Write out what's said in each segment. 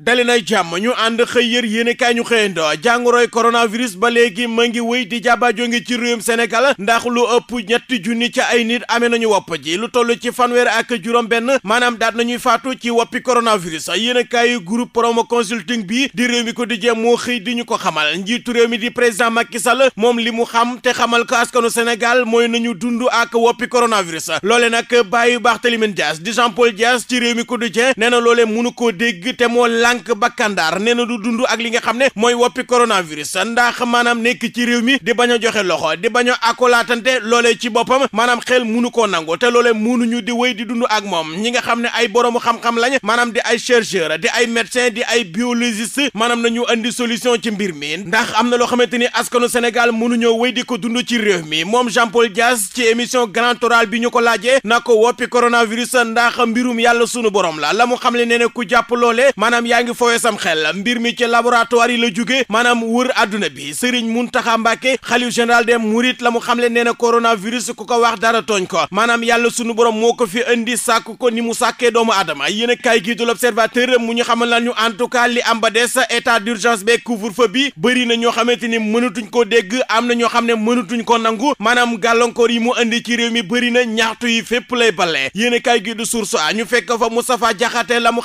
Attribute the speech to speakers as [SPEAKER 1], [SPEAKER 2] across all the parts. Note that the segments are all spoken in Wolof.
[SPEAKER 1] dali na jàmm ñu ànd xëy yër yéenekaay ñu xëyando jàngoroy coronavirus ba léegi ma ngi wéy di jàbbaajo ngi ci réewum Sénégal ndax lu ëpp ñett junni ci ay nit amee nañu wopp ji lu toll ci fanweer ak juróom benn maanaam daat nañuy faatu ci woppi coronavirus yéenekaay groupe promo consulting bi di réew mi ko di jëm moo xëy di ñu ko xamal njiitu réew mi di président Macky Sall moom li mu xam te xamal ko askanu Sénégal mooy nañu dund ak woppi coronavirus loole nag bàyyi Barthélémy Dias di Jean Paul ci réew mi ko di jëm nee na loole mënu koo dégg te lànk ba kandaar nee na du dund ak li nga xam ne mooy woppi coronavirus ndax maanaam nekk ci réew mi di bañ a joxe loxo di bañ a akolaatante loolee ci boppam maanaam xel munu koo nangu te loolee munuñu di wéy di dund ak moom ñi nga xam ne ay borom xam-xam lañ maanaam di ay chercheur di ay médecin di ay biologiste maanaam nañu andi solution ci mbir mi ndax am na loo xamante ni askanu Sénégal munuñoo wéy di ko dund ci réew mi moom Jean-Paul Dias ci émission grand oral bi ñu ko laajee na ko woppi coronavirus ndax mbirum yàlla sunu borom la la xam yaa ngi fooye sam xel mbir mi ci laboratoire yi la jóge wër adduna bi sëriñ Muntaxa Mbàkke xalif général des mourides la mu xamle nee na coronavirus ku ko wax dara tooñ ko maanaam yàlla sunu borom moo ko fi indi sàkk ko ni mu sàkkee doomu aadama yéen a kaay gii mu ñu xamal la ñu en tout cas li am ba des état d'urgence beeg couvre-feu bi bëri na ñoo xamante ni mënatuñ koo dégg am na ñoo xam ne mënatuñ ko nangu maanaam gàllankoor yi mu indi ci réew mi bëri na ñaxtu yi fépp lay balee yéen a ñu fekk fa Moustapha la mu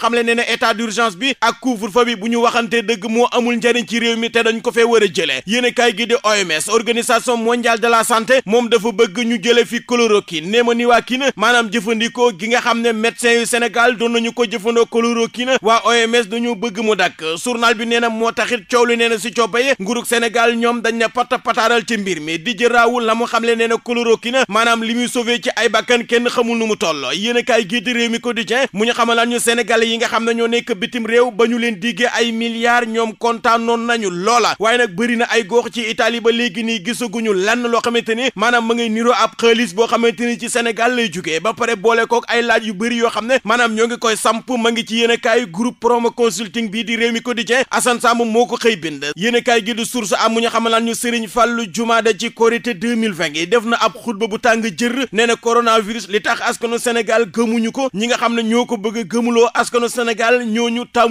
[SPEAKER 1] bi ak couvre-feu bi bu ñu waxantee dëgg moo amul njariñ ci réew mi te dañ ko fee war a jëlee yéen kaay gi di OMS organisation mondiale de la santé moom dafa bëgg ñu jële fi chloroquine némoniwaquine maanaam jëfandikoo gi nga xam ne médecin yu Sénégal doon nañu ko jëfandoo chloroquine waa OMS dañoo bëgg mu dakk journal bi nee na moo taxit coow li nee na si coppaye nguurug Sénégal ñoom dañu ne pat pataaral ci mbir mi di jëraawul la mu xam le nee na chloroquine maanaam li muy sauvé ci ay bakkan kenn xamul nu mu toll yéen kaay di réew mi quotidien mu ñu ñu Sénégalais yi xam ne ñoo nekk bitim réew réew ba ñu leen diggee ay milliards ñoom kontaanoon nañu loola waaye nag bëri na ay gox ci Italie ba léegi nii gisaguñu lenn loo xamante ni maanaam ma ngay niroo ab xaalis boo xamante ni ci Sénégal lay jugee ba pare boole kook ay laaj yu bëri yoo xam ne maanaam ñoo ngi koy samp ma ngi ci yéenekaay groupe promo consulting bii di réew mi quotidien Assane Samb moo ko xëy bind yéenekaay gi du am mu ñu xamal ñu Serigne Fallou Jumaada ci Korité 2020 yi def na ab xutba a gëmuloo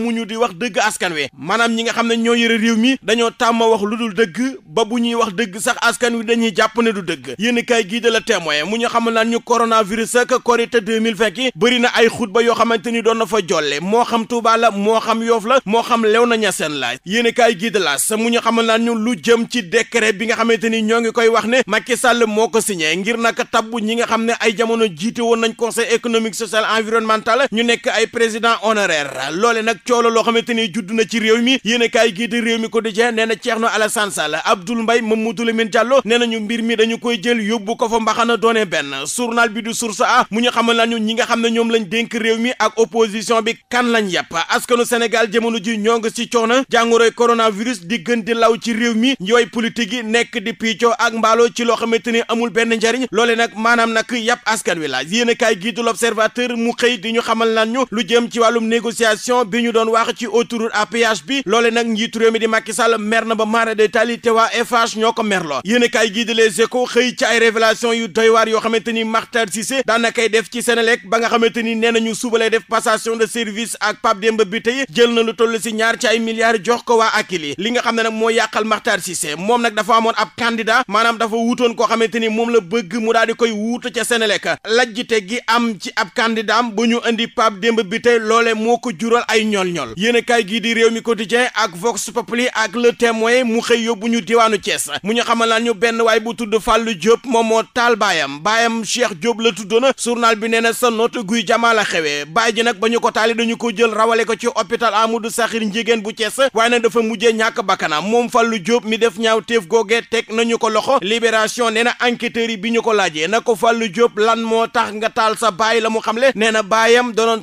[SPEAKER 1] tàmmuñu di wax dëgg askan wi maanaam ñi nga xam ne ñoo yëre réew mi dañoo tàmm wax lu dul dëgg ba bu ñuy wax dëgg sax askan wi dañuy jàpp ne du dëgg yéen kaay gii de la témoin mu ñu xamal naan ñu coronavirus ak korite 2020 yi bëri na ay xutba yoo xamante ni doon na fa jolle moo xam Tuuba la moo xam Yoof la moo xam Léona Ñaseen la yéen kaay gii de la sa mu ñu xamal naan ñu lu jëm ci décret bi nga xamante ni ñoo ngi koy wax ne Macky Sall moo ko signé ngir nag tabbu ñi nga xam ne ay jamono jiite woon nañ conseil économique social environnemental ñu nekk ay président honoraire loole nag coow la loo ni judd na ci réew mi yéen a kaay gii di réew mi quotidien nee na Thierno Alassane Sall Abdoul Mbaye Mamadou Lamine Diallo nee nañu mbir mi dañu koy jël yóbbu ko fa mbaxana doone benn journal bi du source a mu ñu xamal nañu ñi nga xam ne ñoom lañ dénk réew mi ak opposition bi kan lañ yàpp askanu Sénégal jamono ji ñoo ngi ci coono jàngoroy coronavirus di gën di law ci réew mi yooyu politique yi nekk di piicoo ak mbaaloo ci loo xamante ni amul benn njariñ loole nag maanaam nag yàpp askan wi la yéen a kaay gii di l'observateur mu xëy di ñu xamal nañu lu jëm ci wàllum négociation bi doon wax ci autoroute à bi loole nag njiitu réew mi di Macky Sall mer na ba maara de tali te waa Eiffage ñoo ko merloo yéen kaay gii di Les Échos xëy ci ay révélation yu doy waar yoo xamante ni Makhtar Cissé daana kay def ci Senelec ba nga xamante ni nee nañu suba lay def passation de service ak Pape Demba Bitèye jël na lu toll si ñaar ci ay milliards jox ko waa Akilee li nga xam ne nag moo yàqal Makhtar Cissé moom nag dafa amoon ab candidat maanaam dafa wuutoon koo xamante ni moom la bëgg mu daal di koy wuutu ca Senelec lajjite gi am ci ab candidat am bu ñu indi Pape Demba Bitèye loole moo ko jural ay ñool ñol yéen a kaay di réew mi quotidien ak Vox Populi ak Le Témoin mu xëy yóbbu ñu diwaanu cees mu ñu xamal laan ñu benn waay bu tudd Fallou Diop moom moo taal baayam baayam Cheikh Diop la tuddoon journal bi nee na sa noot guy jamaa la xewee baay ji nag ba ñu ko taali dañu ko jël rawale ko ci hôpital Amadou Sakhir njégéen bu Thiès waaye nag dafa mujjee ñàkk bakkanam moom Fallou Diop mi def ñaaw téef googe teg nañu ko loxo Libération nee na enquêteurs yi bi ñu ko laajee na ko Fallou Diop lan moo tax nga taal sa baay la mu xamle nee na baayam danoon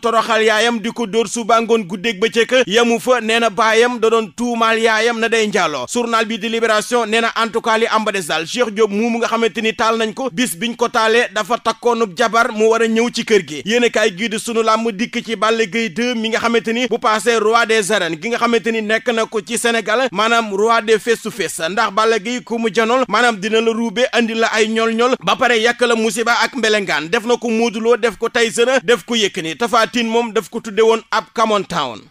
[SPEAKER 1] di ko dóor suba ngoon guddeeg bëccëg yamu fa nee na baayam da doon tuumaal yaayam na day njaaloo journal bi di libération nee na en tout cas li amba des daal Cheikh Diop moomu nga xamante ni taal nañ ko bis biñ ko taalee dafa takkoonub jabar mu war a ñëw ci kër gi yéen a kaay gii di sunu làmm dikk ci Balla Gaye 2 mi nga xamante ni bu passé roi des arènes gi nga xamante ni nekk na ko ci Sénégal maanaam roi des face to face ndax Balla Gaye ku mu janool maanaam dina la ruube andi la ay ñol-ñol ba pare yàkk la musiba ak mbelengaan def na ko Modou Lo def ko Tyson def ko Yékini Tapha Tine moom daf ko tudde woon ab Camon